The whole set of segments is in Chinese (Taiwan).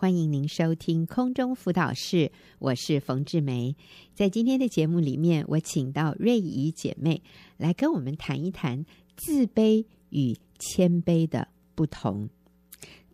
歡迎您收聽空中輔導室，我是馮志梅。在今天的節目裡面，我請到瑞儀姐妹來跟我們談一談自卑與謙卑的不同。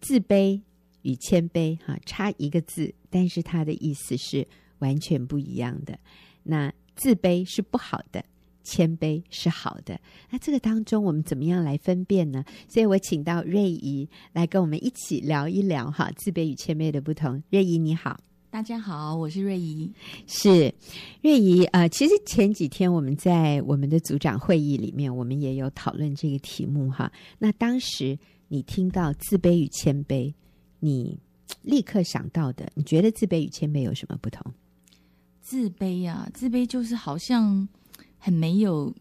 自卑與謙卑，哈、啊，差一個字，但是它的意思是完全不一樣的。那自卑是不好的。謙卑是好的，那這個當中我們怎麼樣來分辨呢？所以我請到瑞儀來跟我們一起聊一聊哈，自卑與謙卑的不同。瑞儀你好，大家好，我是瑞儀。是瑞儀。呃，其實前幾天我們在我們的組長會議裡面，我們也有討論這個題目哈。那當時你聽到自卑與謙卑，你立刻想到的，你覺得自卑與謙卑有什麼不同？自卑啊，自卑就是好像。很沒有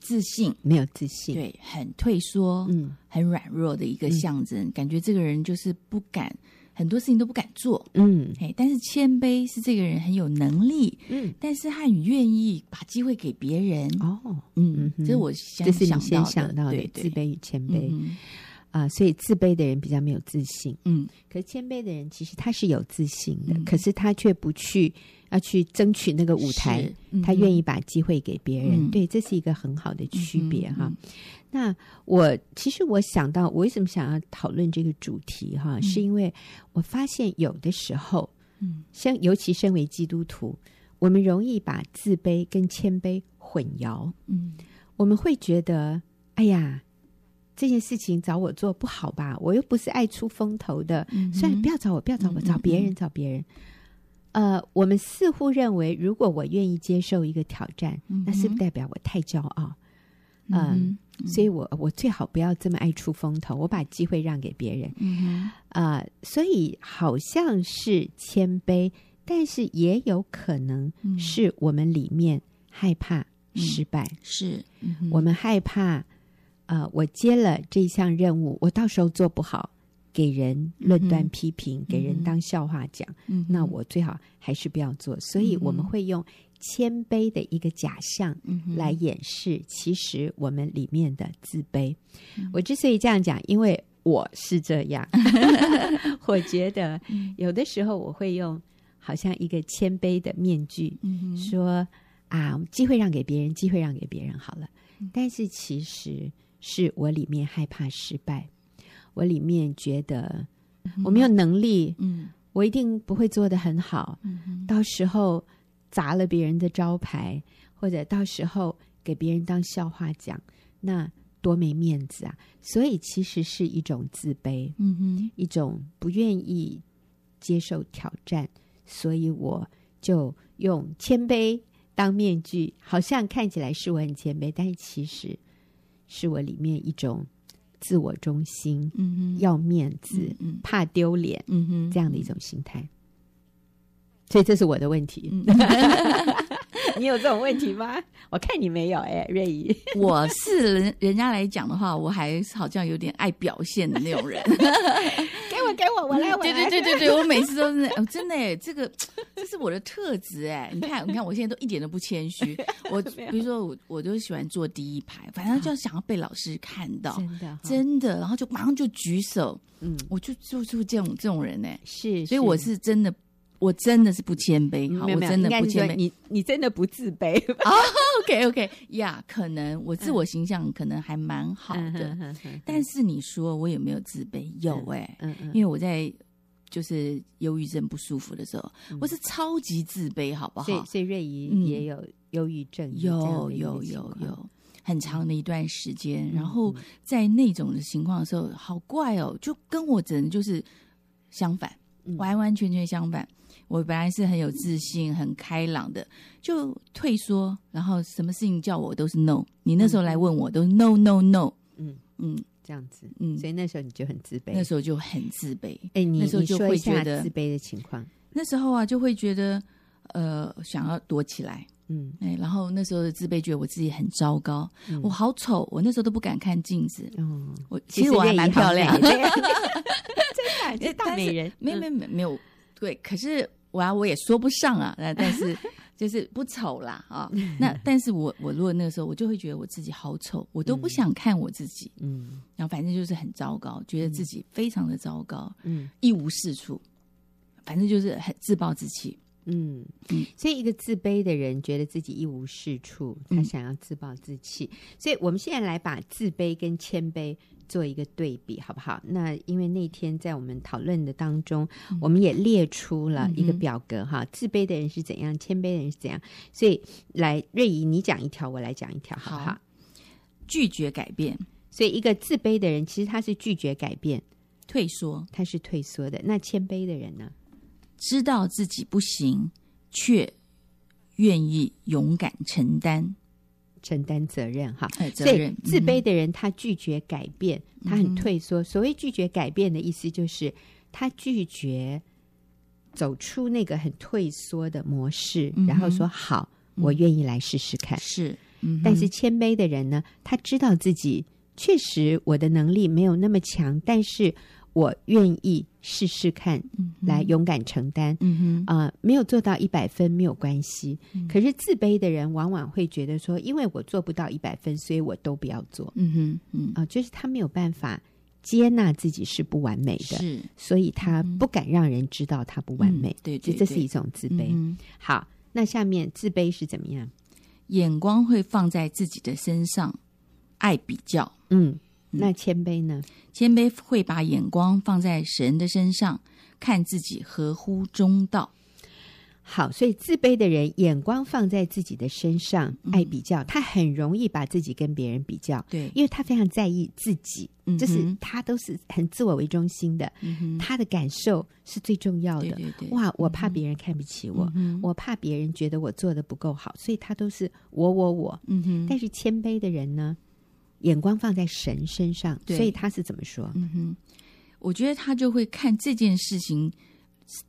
自信，沒有自信，對，很退縮，嗯，很軟弱的一個象徵，感覺這個人就是不敢，很多事情都不敢做，嗯，哎，但是謙卑是這個人很有能力，嗯，但是他很願意把機會給別人，哦，嗯，嗯，這是我，這是你先想到的，對，自卑與謙卑，啊，所以自卑的人比較沒有自信，嗯，可是謙卑的人其實他是有自信的，可是他卻不去，要去爭取那個舞台，嗯、他願意把機會給別人，嗯、對，這是一個很好的區別哈。嗯嗯嗯、那我其實我想到，我為什麼想要討論這個主題哈，嗯、是因為我發現有的時候，嗯，像尤其身為基督徒，嗯、我們容易把自卑跟謙卑混淆，嗯，我們會覺得，哎呀，這件事情找我做不好吧，我又不是愛出風頭的，所以、嗯、哼不要找我，不要找我，找別人，嗯、哼找別人。呃，我們似乎認為，如果我願意接受一個挑戰，嗯、哼那是不代表我太驕傲？嗯，所以我我最好不要這麼愛出風頭，我把機會讓給別人。啊、嗯哼呃，所以好像是謙卑，但是也有可能是我們裡面害怕失敗，嗯嗯、是、嗯、我們害怕，呃，我接了這項任務，我到時候做不好。給人論斷批評，嗯、哼給人當笑話講，嗯、哼那我最好還是不要做。嗯、哼所以我們會用謙卑的一個假象來掩飾，其實我們裡面的自卑。嗯、哼我之所以這樣講，因為我是這樣。 我覺得有的時候我會用好像一個謙卑的面具說，說、嗯、哼啊，機會讓給別人，機會讓給別人好了。但是其實是我裡面害怕失敗。我裡面覺得我沒有能力，嗯哼，我一定不會做得很好，嗯哼，到時候砸了別人的招牌，或者到時候給別人當笑話講，那多沒面子啊！所以其實是一種自卑，嗯哼，一種不願意接受挑戰，所以我就用謙卑當面具，好像看起來是我很謙卑，但其實是我裡面一種自我中心，嗯、哼要面子，嗯、哼怕丟臉，嗯、哼這樣的一種心態，所以這是我的問題。嗯 你有這種問題嗎？ 我看你沒有哎、欸，瑞儀。 我是人，人家來講的話，我還是好像有點愛表現的那種人。 給我，給我，我來，我來。對對對對對， 我每次都是那樣，真的，哦，真的欸、這個這是我的特質哎、欸。你看，你看，我現在都一點都不謙虛。我 有比如說我，我我就喜歡坐第一排，反正就想要被老師看到， 真的，真的， 然後就馬上就舉手。 嗯，我就就就這種這種人哎、欸。是，所以我是真的。我真的是不謙卑，好，我真的不謙卑。你你真的不自卑？OK OK 呀，可能我自我形象可能還蠻好的，但是你說我有沒有自卑？有哎，因為我在就是憂鬱症不舒服的時候，我是超級自卑，好不好？所以瑞儀也有憂鬱症，有有有有很長的一段時間。然後在那種的情況的時候，好怪哦，就跟我整個就是相反，完完全全相反。我本來是很有自信，很開朗的，就退縮，然後什麼事情叫我都是 no。你那時候來問我都是 no no no，嗯嗯，這樣子，嗯，所以那時候你就很自卑。那時候就很自卑，哎，你你說一下自卑的情況。那時候啊，就會覺得呃，想要躲起來，嗯，哎，然後那時候的自卑覺得我自己很糟糕，我好醜，我那時候都不敢看鏡子，我其實我還蠻漂亮的，真的，這大美人，沒沒沒沒有，對，可是。我、啊、我也說不上啊，但是就是不醜啦 啊。那但是我我如果那個時候，我就會覺得我自己好醜，我都不想看我自己，嗯，然後反正就是很糟糕，覺得自己非常的糟糕，嗯，一無是處，反正就是很自暴自棄。嗯，所以一個自卑的人覺得自己一無是處，他想要自暴自棄。嗯、所以我們現在來把自卑跟謙卑做一個對比，好不好？那因為那天在我們討論的當中，嗯、我們也列出了一個表格嗯嗯哈，自卑的人是怎樣，謙卑的人是怎樣。所以來瑞儀，你講一條，我來講一條，好不好，好？拒絕改變，所以一個自卑的人其實他是拒絕改變、退縮，他是退縮的。那謙卑的人呢？知道自己不行，卻願意勇敢承擔、承擔責任。哈，責任自卑的人他拒絕改變，他很退縮。嗯、哼所謂拒絕改變的意思，就是他拒絕走出那個很退縮的模式，嗯、哼然後說：“好，我願意來試試看。嗯”是，嗯、但是謙卑的人呢，他知道自己確實我的能力沒有那麼強，但是。我願意試試看，來勇敢承擔。嗯哼，啊、呃，沒有做到一百分沒有關係。嗯哼，可是自卑的人往往會覺得說，因為我做不到一百分，所以我都不要做。嗯哼，嗯，啊、呃，就是他沒有辦法接納自己是不完美的，是，所以他不敢讓人知道他不完美。對、嗯，就這是一種自卑。好，那下面自卑是怎麼樣？眼光會放在自己的身上，愛比較。嗯。那謙卑呢？謙卑會把眼光放在神的身上，看自己合乎中道。好，所以自卑的人眼光放在自己的身上，愛比較，嗯、他很容易把自己跟別人比較。對，因為他非常在意自己，嗯、哼就是他都是很自我為中心的，嗯、哼他的感受是最重要的。對對對。哇，我怕別人看不起我，嗯、哼我怕別人覺得我做的不夠好，嗯、哼所以他都是我我我。嗯哼但是謙卑的人呢？眼光放在神身上，所以他是怎麼說？嗯哼，我覺得他就會看這件事情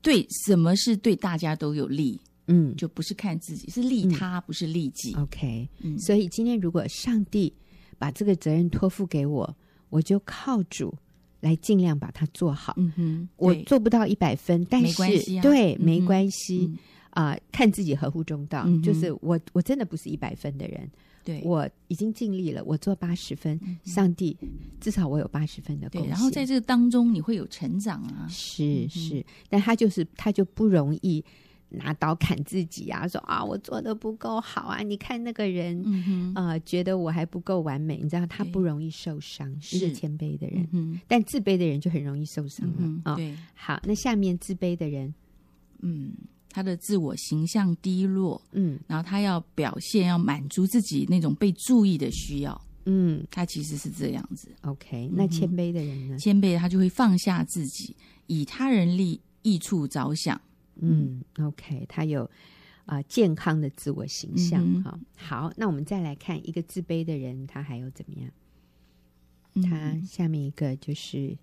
對什麼是對大家都有利，嗯，就不是看自己，是利他，嗯，不是利己。OK，嗯，所以今天如果上帝把這個責任托付給我，我就靠主來盡量把它做好。嗯哼，我做不到一百分，但是對沒關係啊，看自己合乎中道，嗯哼，就是我我真的不是一百分的人。對，我已經盡力了，我做八十分，上帝至少我有八十分的貢獻。對，然後在這個當中你會有成長啊。是是，但他就是他就不容易拿刀砍自己啊，說啊我做的不夠好啊，你看那個人，啊覺得我還不夠完美，你知道他不容易受傷，是個謙卑的人。嗯，但自卑的人就很容易受傷了啊。對，好，那下面自卑的人，嗯。他的自我形象低落，嗯，然後他要表現，要滿足自己那種被注意的需要，嗯，他其實是這樣子。OK、嗯、哼那謙卑的人呢？謙卑他就會放下自己，以他人利益處着想。嗯，OK，他有啊、呃、健康的自我形象哈、嗯哼哦。好，那我們再來看一個自卑的人，他還有怎麼樣？嗯、哼他下面一個就是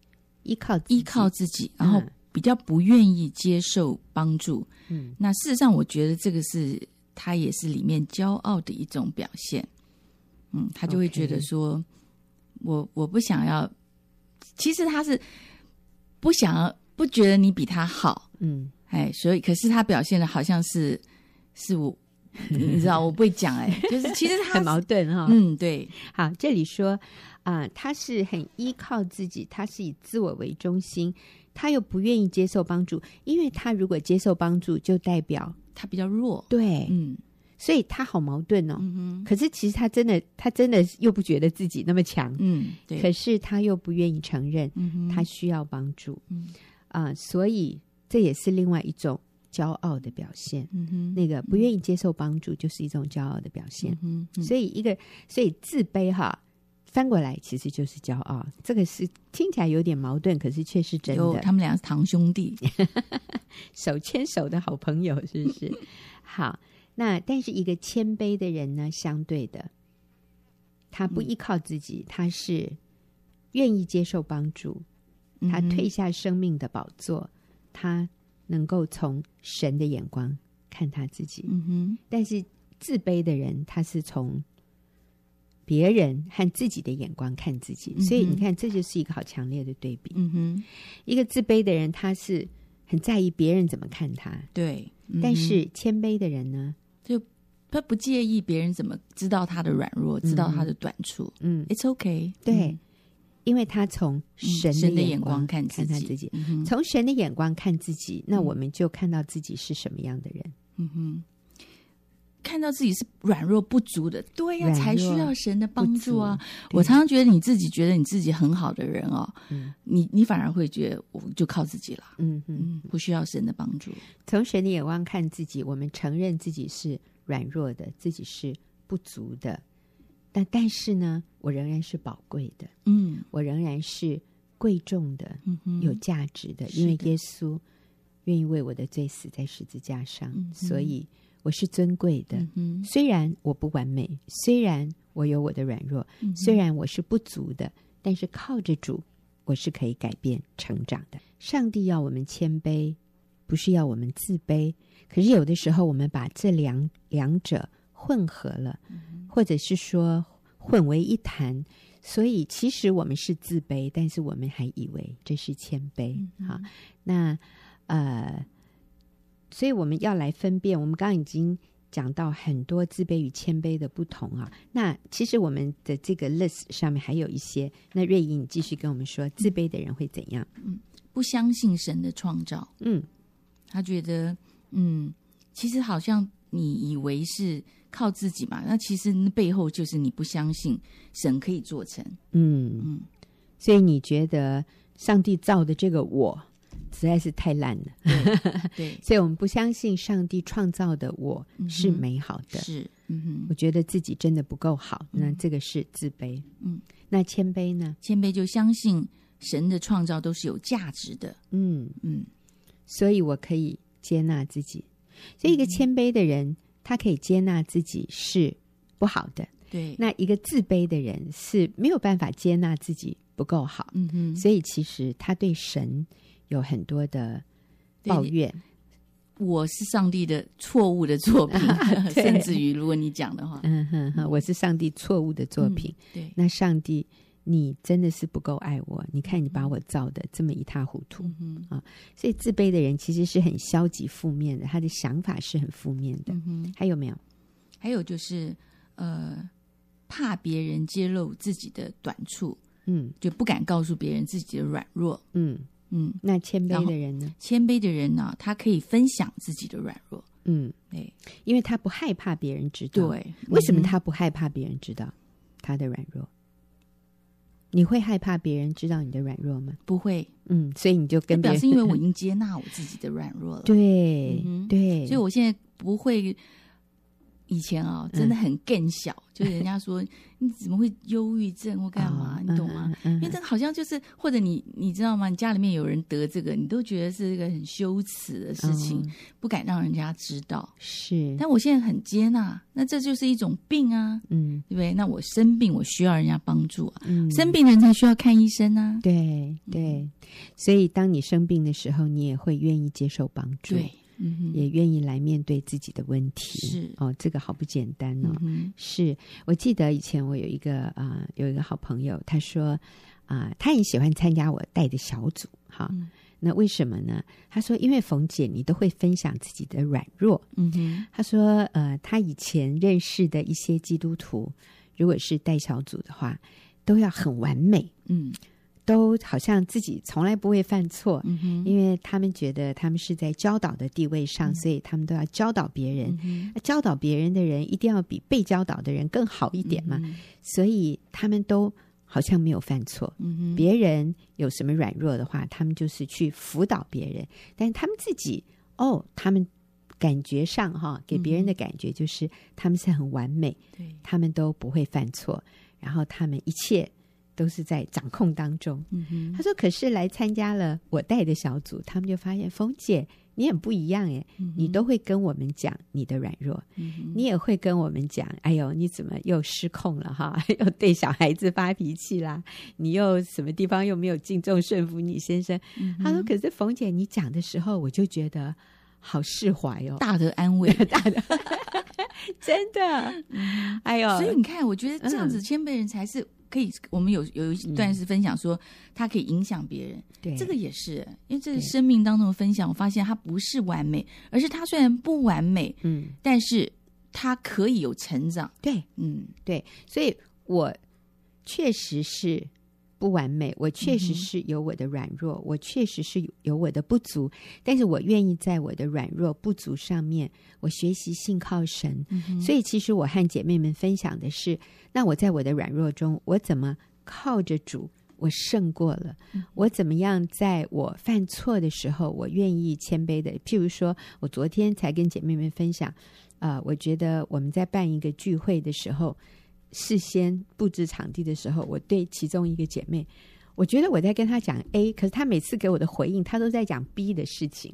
依靠依靠自己，啊、然後。比較不願意接受幫助，嗯，那事實上我覺得這個是他也是裡面驕傲的一種表現，嗯，他就會覺得說，Okay. 我我不想要，其實他是不想要，不覺得你比他好，嗯，哎，所以可是他表現的好像是是我， 你知道我不會講哎，就是其實是 很矛盾哈，嗯，對，好，這裡說啊，他是很依靠自己，他是以自我為中心。他又不願意接受幫助，因為他如果接受幫助，就代表他比較弱。對，嗯，所以他好矛盾哦。嗯哼，可是其實他真的，他真的又不覺得自己那麼強。嗯，對，可是他又不願意承認，他需要幫助。嗯哼，啊、呃，所以這也是另外一種驕傲的表現。嗯哼，那個不願意接受幫助就是一種驕傲的表現。嗯，嗯所以一個，所以自卑哈。翻過來其實就是驕傲，這個是聽起來有點矛盾，可是卻是真的。他們倆是堂兄弟， 手牽手的好朋友，是不是？ 好，那但是一個謙卑的人呢，相對的，他不依靠自己，嗯、他是願意接受幫助，他退下生命的寶座，嗯、哼他能夠從神的眼光看他自己。嗯哼，但是自卑的人，他是從。別人和自己的眼光看自己，所以你看，這就是一個好強烈的對比。嗯哼，一個自卑的人，他是很在意別人怎麼看他。對，嗯、但是謙卑的人呢，就他不介意別人怎麼知道他的軟弱，嗯、知道他的短處。嗯，It's OK。對，嗯、因為他從神的眼光看，看他自己，從神、嗯、神的眼光看自己，那我們就看到自己是什麼樣的人。嗯哼。看到自己是軟弱不足的，對呀、啊，軟弱，才需要神的幫助啊！我常常覺得你自己覺得你自己很好的人哦，嗯、你你反而會覺得我就靠自己了，嗯嗯哼，不需要神的幫助。從神的眼光看自己，我們承認自己是軟弱的，自己是不足的，但但是呢，我仍然是寶貴的，嗯，我仍然是貴重的，嗯、哼，有價值的，因為耶穌願意為我的罪死在十字架上，嗯、哼，所以。我是尊貴的，嗯、哼雖然我不完美，雖然我有我的軟弱，嗯、哼雖然我是不足的，但是靠着主，我是可以改變成長的。上帝要我們謙卑，不是要我們自卑。可是有的時候，我們把這兩兩者混合了，嗯、哼或者是說混為一談，所以其實我們是自卑，但是我們還以為這是謙卑。嗯、哼好，那呃。所以我們要來分辨，我們剛剛已經講到很多自卑與謙卑的不同啊。那其實我們的這個 list 上面還有一些。那瑞儀你繼續跟我們說，自卑的人會怎樣？嗯，不相信神的創造。嗯，他覺得，嗯，其實好像你以為是靠自己嘛，那其實那背後就是你不相信神可以做成。嗯嗯，嗯，所以你覺得上帝造的這個我？實在是太爛了，對，對， 所以我們不相信上帝創造的我是美好的，嗯，是，嗯哼，我覺得自己真的不夠好，那這個是自卑，嗯，那謙卑呢？謙卑就相信神的創造都是有價值的，嗯嗯，所以我可以接納自己，所以一個謙卑的人，嗯、他可以接納自己是不好的，對，那一個自卑的人是沒有辦法接納自己不夠好，嗯哼，所以其實他對神。有很多的抱怨，我是上帝的錯誤的作品， 甚至於如果你講的話， 對嗯哼，哼，我是上帝錯誤的作品，嗯、對，那上帝，你真的是不夠愛我？你看你把我造的這麼一塌糊塗，嗯哼啊，所以自卑的人其實是很消極、負面的，他的想法是很負面的。嗯哼還有沒有？還有就是，呃，怕別人揭露自己的短處，嗯，就不敢告訴別人自己的軟弱，嗯。嗯，那謙卑的人呢？謙卑的人呢？啊，他可以分享自己的軟弱。嗯，對，因為他不害怕別人知道。對，為什麼他不害怕別人知道他的軟弱？嗯，你會害怕別人知道你的軟弱嗎？不會。嗯，所以你就跟表示，因為我已經接納我自己的軟弱了。對，嗯哼，對，所以我現在不會。以前啊、哦，真的很更小，嗯、就是人家說你怎麼會憂鬱症或幹嘛，哦、你懂嗎？嗯嗯、因為這個好像就是，或者你你知道嗎？你家裡面有人得這個，你都覺得是一個很羞恥的事情，嗯、不敢讓人家知道。是，但我現在很接納，那這就是一種病啊，嗯，對不對？那我生病，我需要人家幫助啊，嗯、生病的人才需要看醫生啊，對對。對嗯、所以，當你生病的時候，你也會願意接受幫助，對。嗯、也願意來面對自己的問題。是哦，這個好不簡單呢、哦。嗯、哼是我記得以前我有一個啊、呃，有一個好朋友，他說啊、呃，他也喜歡參加我帶的小組。哈，嗯、那為什麼呢？他說，因為馮姐你都會分享自己的軟弱。嗯哼，他說，呃，他以前認識的一些基督徒，如果是帶小組的話，都要很完美。嗯。都好像自己從來不會犯錯，嗯、哼因為他們覺得他們是在教導的地位上，嗯、所以他們都要教導別人。嗯、哼教導別人的人一定要比被教導的人更好一點嘛，嗯、哼所以他們都好像沒有犯錯。嗯、哼別人有什麼軟弱的話，他們就是去輔導別人，但是他們自己哦，他們感覺上哈，給別人的感覺就是、嗯、哼他們是很完美，對他們都不會犯錯，然後他們一切。都是在掌控當中。嗯、哼他說：“可是來參加了我帶的小組，他們就發現馮姐你很不一樣耶，嗯、哼你都會跟我們講你的軟弱，嗯、哼你也會跟我們講，哎呦，你怎麼又失控了哈？又對小孩子發脾氣啦、啊？你又什麼地方又沒有敬重順服你先生？”嗯、哼他說：“可是馮姐，你講的時候，我就覺得好釋懷哦，大的安慰，大的，真的，哎呦，所以你看，我覺得這樣子謙卑人才是、嗯。”可以，我們有有一段是分享說，嗯，它可以影響別人。對，這個也是，因為這是生命當中的分享。對。我發現它不是完美，而是它雖然不完美，嗯，但是它可以有成長。對，嗯，對，所以我確實是。不完美，我確實是有我的軟弱，嗯、哼我確實是有我的不足，但是我願意在我的軟弱不足上面，我學習信靠神。嗯、哼所以，其實我和姐妹們分享的是，那我在我的軟弱中，我怎麼靠着主，我勝過了？我怎麼樣在我犯錯的時候，我願意謙卑的？譬如說，我昨天才跟姐妹們分享，啊、呃，我覺得我們在辦一個聚會的時候。事先布置場地的時候，我對其中一個姐妹，我覺得我在跟他講 A，可是他每次給我的回應，他都在講 B 的事情，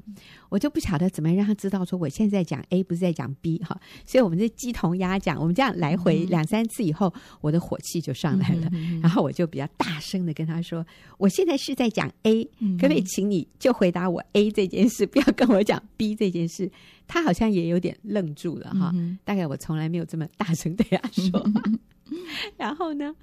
我就不曉得怎麼讓他知道說我現在在講 A 不是在講 B 哈、哦，所以我們這雞同鴨講，我們這樣來回兩三次以後，嗯、哼我的火氣就上來了，嗯哼嗯哼然後我就比較大聲的跟他說，我現在是在講 A，可不可以請你就回答我 A 這件事，不要跟我講 B 這件事？他好像也有點愣住了哈，哦嗯、哼大概我從來沒有這麼大聲對他說。嗯然後呢？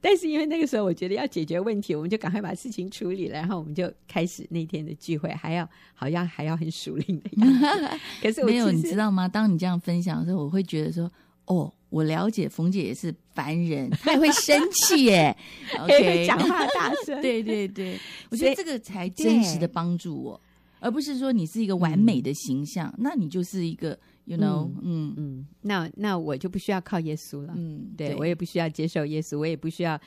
但是因為那個時候，我覺得要解決問題，我們就趕快把事情處理了。然後我們就開始那天的聚會，還要好像還要很熟練的樣子。 可是我沒有，你知道嗎？當你這樣分享的時候，我會覺得說：哦，我了解馮姐也是凡人，她 會生氣耶，也 Okay, 講話大聲。 對對對，以我覺得這個才真實的幫助我，對而不是說你是一個完美的形象，嗯、那你就是一個。You know，嗯嗯，嗯嗯那那我就不需要靠耶穌了，嗯，對我也不需要接受耶穌，我也不需要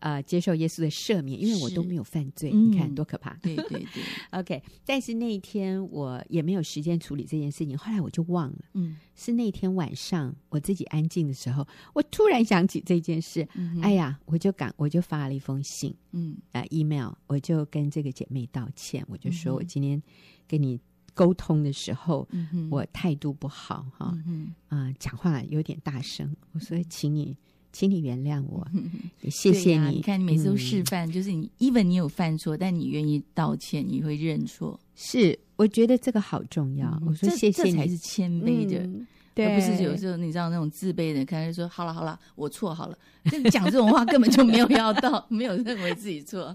呃接受耶穌的赦免，因為我都沒有犯罪，是你看、嗯、多可怕，對對對 ，OK。但是那一天我也沒有時間處理這件事情，後來我就忘了，嗯，是那天晚上我自己安靜的時候，我突然想起這件事，嗯、哼哎呀，我就趕我就發了一封信，嗯啊、呃、，email，我就跟這個姐妹道歉，我就說我今天跟你。溝通的時候，嗯、哼我態度不好哈，啊、嗯哼呃，講話有點大聲。嗯、哼我說，請你，請你原諒我，嗯、哼謝謝你。啊嗯、你看，你每次都示範，就是你，even 你有犯錯，嗯、但你願意道歉，你會認錯。是，我覺得這個好重要。嗯、我說，謝謝，你。才是謙卑的。嗯對而不是有時候你知道那種自卑的人，開始說好了好了，我錯好了。但 講這種話根本就沒有要到， 沒有認為自己錯。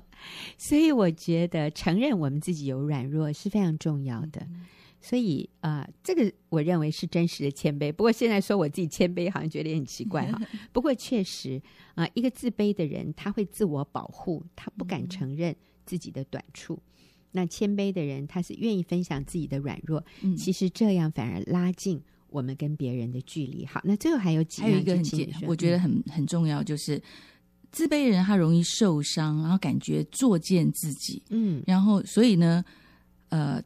所以我覺得承認我們自己有軟弱是非常重要的。嗯嗯所以啊、呃，這個我認為是真實的謙卑。不過現在說我自己謙卑，好像覺得也很奇怪哈、嗯嗯。不過確實啊、呃，一個自卑的人他會自我保護，他不敢承認自己的短處。嗯、那謙卑的人，他是願意分享自己的軟弱。嗯、其實這樣反而拉近。我們跟別人的距離，好，那最後還有幾樣，還有一個很，我覺得很很重要，就是、嗯、自卑的人他容易受傷，然後感覺作賤自己，嗯，然後所以呢，呃，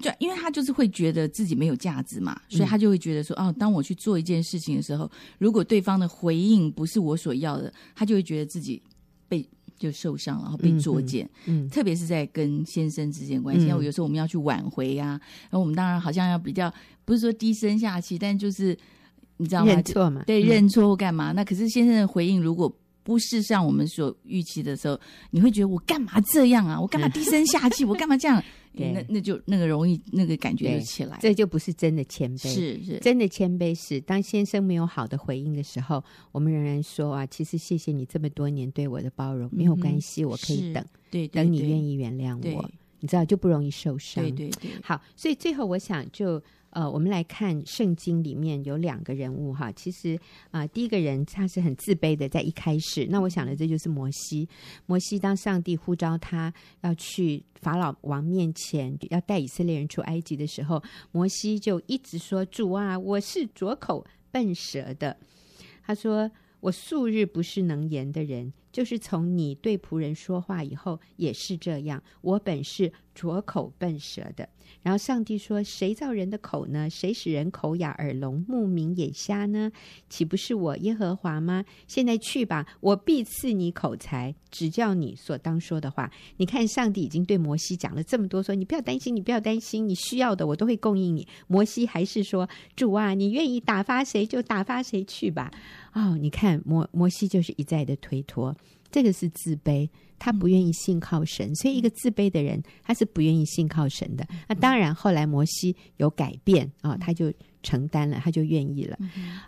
就因為他就是會覺得自己沒有價值嘛，所以他就會覺得說，嗯、哦，當我去做一件事情的時候，如果對方的回應不是我所要的，他就會覺得自己被。就受傷，然後被作賤、嗯。嗯，特別是在跟先生之間關係。那我、嗯啊、有時候我們要去挽回啊，嗯、然後我們當然好像要比較不是說低聲下氣，但就是你知道嗎？對，認錯或幹嘛？嗯、那可是先生的回應如果。不是像我們所預期的時候，你會覺得我幹嘛這樣啊？我幹嘛低聲下氣？嗯、我干嘛這樣？ 對那那就那個容易那個感覺就起來對，這就不是真的謙卑。是，是真的謙卑是當先生沒有好的回應的時候，我們仍然說啊，其實謝謝你這麼多年對我的包容，嗯、哼沒有關係，我可以等，對對對對等你願意原諒我，對你知道就不容易受傷。對，對對對，好，所以最後我想就。呃，我們來看聖經裡面有兩個人物哈，其實啊、呃，第一個人他是很自卑的，在一開始。那我想的這就是摩西，摩西當上帝呼召他要去法老王面前，要帶以色列人出埃及的時候，摩西就一直說：“主啊，我是拙口笨舌的。”他說：“我素日不是能言的人，就是從你對僕人說話以後也是這樣，我本是。”拙口笨舌的，然後上帝說：“誰造人的口呢？誰使人口啞、耳聾、目明、眼瞎呢？豈不是我耶和華嗎？現在去吧，我必賜你口才，指教你所當說的話。”你看，上帝已經對摩西講了這麼多，說：“你不要擔心，你不要擔心，你需要的我都會供應你。”摩西還是說：“主啊，你願意打發誰就打發誰去吧。”哦，你看摩摩西就是一再的推脫。這個是自卑，他不願意信靠神，嗯、所以一個自卑的人，他是不願意信靠神的。那、嗯啊、當然，後來摩西有改變啊、哦，他就承擔了，他就願意了。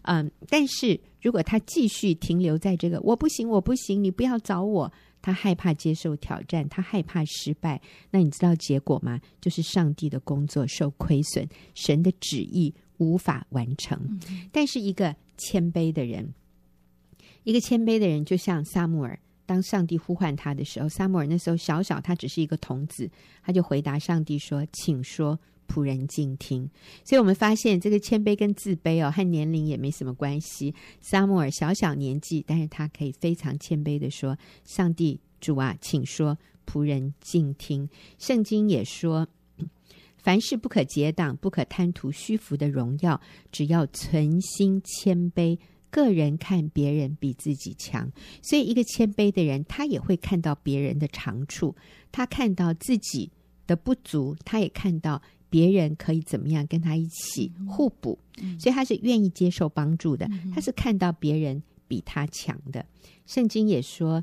嗯，但是如果他繼續停留在這個“我不行，我不行”，你不要找我，他害怕接受挑戰，他害怕失敗。那你知道結果嗎？就是上帝的工作受虧損，神的旨意無法完成。但是一個謙卑的人，一個謙卑的人，就像撒母耳。當上帝呼喚他的時候，撒母耳那時候小小，他只是一個童子，他就回答上帝說：“請說，僕人敬聽。”所以，我們發現這個謙卑跟自卑哦，和年齡也沒什麼關係。撒母耳小小年紀，但是他可以非常謙卑地說：“上帝主啊，請說，僕人敬聽。”聖經也說：“凡事不可結黨，不可貪圖虛浮的榮耀，只要存心謙卑。”個人看別人比自己強，所以一個謙卑的人，他也會看到別人的長處，他看到自己的不足，他也看到別人可以怎麼樣跟他一起互補，所以他是願意接受幫助的。嗯、他是看到別人比他強的。嗯、聖經也說：“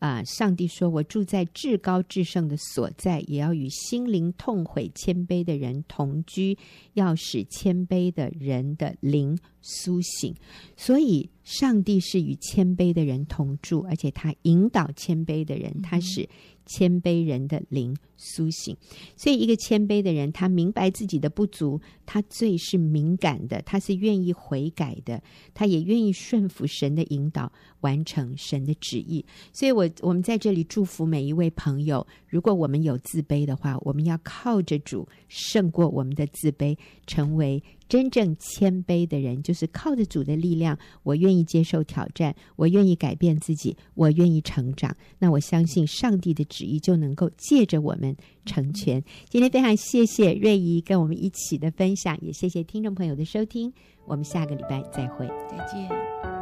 啊、呃，上帝說，我住在至高至聖的所在，也要與心靈痛悔謙卑的人同居，要使謙卑的人的靈。”甦醒，所以上帝是與謙卑的人同住，而且他引導謙卑的人，他是謙卑人的靈甦醒。所以，一個謙卑的人，他明白自己的不足，他最是敏感的，他是願意悔改的，他也願意順服神的引導，完成神的旨意。所以我我們在這裡祝福每一位朋友，如果我們有自卑的話，我們要靠着主勝過我們的自卑，成為。真正謙卑的人，就是靠着主的力量，我願意接受挑戰，我願意改變自己，我願意成長。那我相信上帝的旨意就能夠借着我們成全。Okay. 今天非常謝謝瑞儀跟我們一起的分享，也謝謝聽眾朋友的收聽。我們下個禮拜再會，再見。